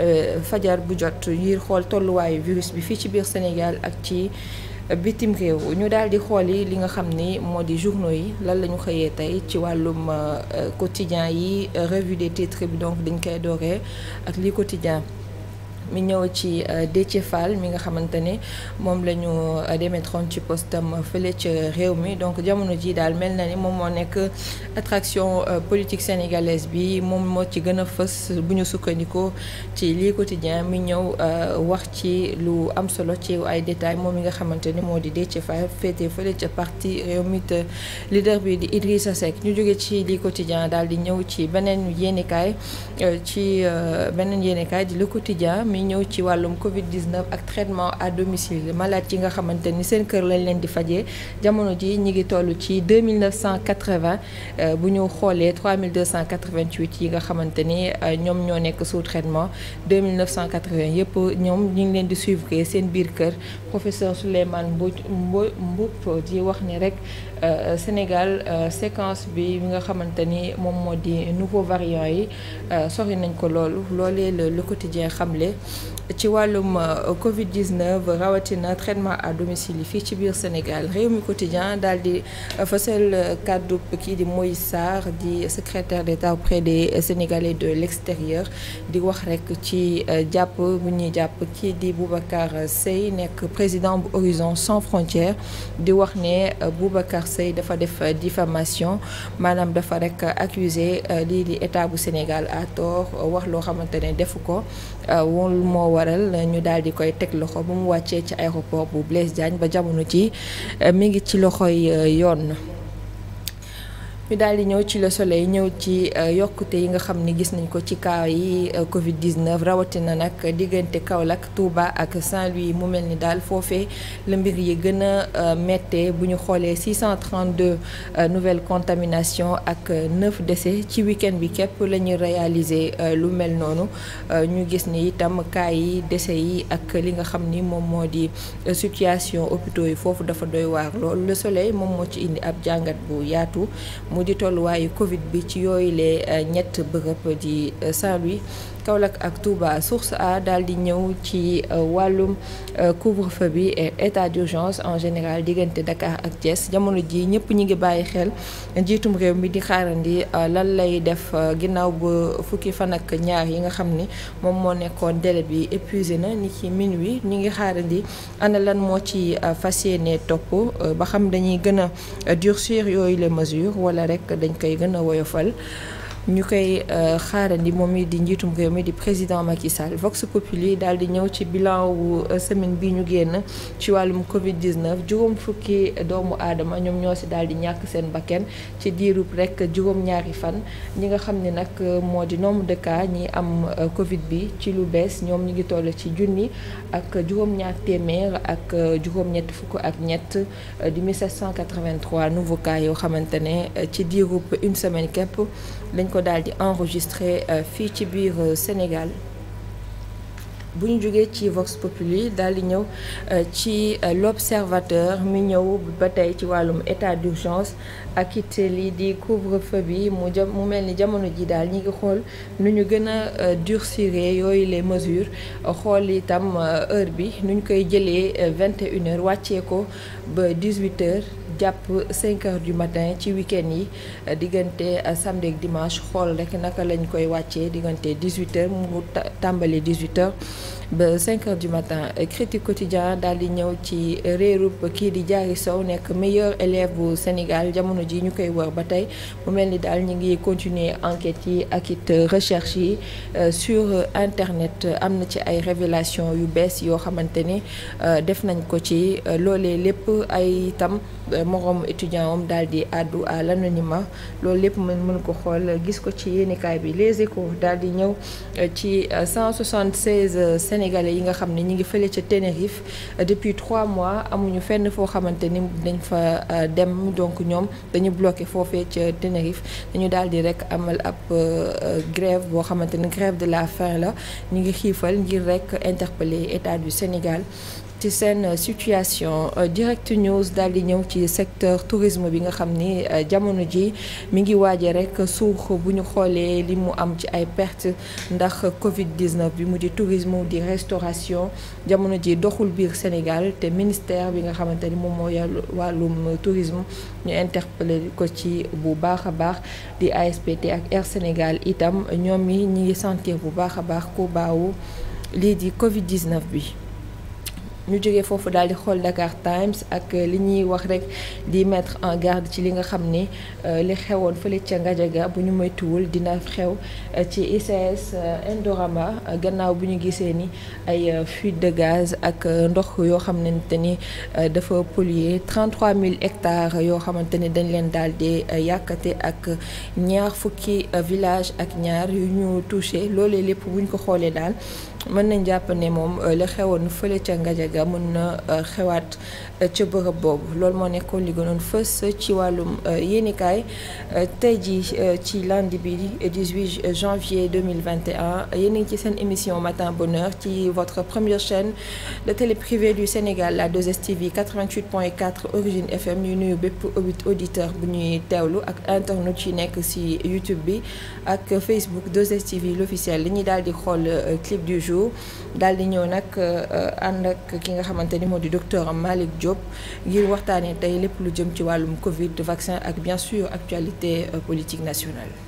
Euh, fajar bu jot ngir xool tolluwaayu virus bi fii ci biir Sénégal ak ci euh, bitim réew ñu daal di xool yi li nga xam ni moo di journaux yi lan la ñu xëyee tey ci wàllum euh, quotidien yi revue des titres bi donc dañ koy dooree ak li quotidien mi ñëw ci euh, Déthié Fall mi nga xamante ne moom la ñu euh, démettroon ci postam fële ca réew mi donc jamono ji daal mel na ni moom moo nekk attraction euh, politique sénégalaise bi moom moo ci gën a fës bu ñu sukkandikoo ci lii quotidien mi ñëw wax ci lu am solo ci ay détails moom mi nga xamante ni moo di Déthié Fall féete fële ca parti réew mi te leader bi di Idrissa Seck ñu jóge ci lii quotidien daal di ñëw ci beneen yéenekaay ci beneen yéenekaay di le quotidien ñu ñëw ci wàllum Covid 19 ak traitement à domicile malade yi nga xamante ni seen kër lañ leen di fajee jamono ji ñi ngi toll ci 2980 euh, bu ñu xoolee 3288 yi nga xamante ni euh, ñoom ñoo nekk sous traitement 2980 yëpp ñoom ñu ngi leen di suivre seen biir kër professeur Souleymane Mboup Mboup ji wax ni rek euh, Sénégal séquence bi nga xamante ni moom moo di nouveau variant yi sori nañ ko loolu loolee la le quotidien xamle ci wàllum euh, Covid 19 rawatina traitement à domicile yi fii ci biir Sénégal réew mi quotidien daal di euh, fësal euh, kàddu kii di Moïse Sarr di secrétaire d'État auprès des Sénégalais de l'extérieur di wax rekk ci jàpp bu ñuy jàpp kii di Boubacar sey nekk président bu Horizon sans frontière di wax ne Boubacar sey dafa def diffamation maanaam dafa rekk accusé lii di état bu Sénégal à tort wax loo xamante ne defu ko loolu moo waral ñu daal di koy teg loxo ba mu wàccee ci aéroport bu Blaise Diagne ba jamono ji eh, mi ngi ci loxoy eh, yoon. ñu daal di ñëw ci le soleil ñëw ci euh, yokkute yi nga xam ni gis nañ ko ci cas yi euh, Covid 19 rawatina nag diggante Kaolack tuuba ak Saint-Louis mu mel ni daal foofee la mbir yi gën a euh, méttee bu ñu xoolee 632 nouvelles contaminations ak 9 décès ci week bi képp la ñuy réaliser lu mel noonu ñu gis ni itam cas yi décès yi ak li nga xam ni moom moo di situation hôpitaux yi foofu dafa doy waar lool le soleil moom moo ci indi ab jàngat bu yaatu. mu di tolluwaayu Covid bi ci yooyu lee eh, ñett bërëb di eh, Saint-Louis Kaolack ak Touba source A daal di ñëw ci eh, wàllum couvre-feu bi et état d'urgence en général diggante Dakar ak Thiès jamono ji ñëpp ñu ngi bàyyi xel njiitum réew mi di xaarandi lan lay def ginnaaw ba fukki fan ak ñaar yi nga xam ni moom moo nekkoon délai bi épuisé na ni ci minuit ñi ngi xaarandi ana lan moo ci fas yéene topp ba xam dañuy gën a yooyu les mesures wala rekk dañ koy gën a woyofal ñu koy euh, xaarandi moom it di njiitum réew mi di président Macky Sall Vox Populi daal di ñëw ci bilan wu euh, semaine bi ñu génn ci wàllum Covid 19 juróom fukki doomu aadama ñoom ñoo si daal di ñàkk seen bakken ci diirub rek juróom-ñaari fan ñi nga xam ni nag euh, moo di nombre de cas ñi am Covid bi ci lu bees ñoom ñu ngi toll ci junni ak juróom-ñaar téeméer ak juróom-ñett fukk ak ñett di 1783 nouveaux cas yoo xamante ne ci diirub une semaine képp lañ ko daal di enregistré euh, fii ci biir euh, Sénégal bu ñu jógee ci Vox Populi daal di ñëw euh, ci l'Observateur mi ñëw ba tey ci wàllum état d'urgence ak it lii di couvre-feu bi mu jëm mu mel ni jamono ji daal ñi ngi xool nu ñu gën a durcir yooyu les mesures xool itam heure bi nu ñu koy jëlee vingt et une ba dix-huit jàpp 5 heures du matin ci week yi euh, diggante euh, samedi ak dimanche xool rek naka lañ koy wàccee diggante 18 heures mu tàmbali 18 heures ba 5 heures du matin critique quotidien daal di ñëw ci réerub kii di Diary Sow nekk meilleur élève bu Sénégal jamono ji ñu koy wër ba tey mu mel ni daal ñu ngi continuer enquête yi ak it recherche yi euh, sur internet am na ci ay révélation yu bees yoo xamante ni euh, def nañ ko ci euh, loolee lépp ay itam moroom étudiant am daal di àddu à l'anonymat loolu lépp mën mën ko xool gis ko ci yéenekaay bi Les Échos daal di ñëw ci 176 sénégalais yi nga xam ne ñu ngi fële ca Tenerife euh, depuis trois mois amuñu fenn foo xamante ni dañ fa euh, dem donc ñoom dañu bloqué foofee ca Tenerife dañu daal di rek amal ab euh, grève boo xamante ni grève de la faim la ñu ngi xiifal ngir rek interpeller état bi Sénégal. ci seen euh, situation euh, direct news daal di ñëw ci secteur tourisme bi nga xam ni euh, jamono ji mi ngi waaje rek suux bu ñu xoolee li mu am ci ay perte ndax Covid 19 bi mu di tourisme di restauration jamono ji doxul biir Sénégal te ministère bi nga xamante ni moom moo yor wàllum tourisme ñu interpellé ko ci bu baax a baax di ASPT ak Air Sénégal itam ñoom yi ñu ngi sentir bu baax a baax ku baawu lii di Covid 19 bi. ñu jóge foofu daal di xool Dakar Times ak euh, li ñuy wax rek di mètre en garde ci li nga xam ni euh, li xewoon fële ca Ngadiaga bu ñu moytuwul dina xew euh, ci ICS Indorama gannaaw bu ñu gisee ni ay fuite de gaz ak ndox yoo xamante ni dafa polluer mille hectares yoo xamante ni dañ leen daal di yàkkate ak ñaar fukki village ak ñaar yu ñu touché loolee lépp bu ñu ko xoolee daal. mën nañ jàpp ne moom euh, la xewoon fële ca Ngajaga mën na euh, xewaat euh, ca bërëb boobu loolu moo nekkoon li gënoon fës ci wàllum yéenikaay te jii ci lundi bi 18 janvier 2021 yéen a ngi ci seen émission matin bonheur ci votre première chaîne de télé privée du Sénégal la 2STV 88.4 origine FM ñu nuyu bépp auditeurs bu ñuy teewlu ak internautes yi nekk si YouTube bi ak Facebook 2STV l'officiel li ñuy daal di xool clip du jours daal di ñëw nag euh, ànd ak ki nga xamante ni moo di docteur Malick Diop ngir waxtaanee tey lépp lu jëm ci wàllum Covid vaccin ak bien sûr actualité euh, politique nationale.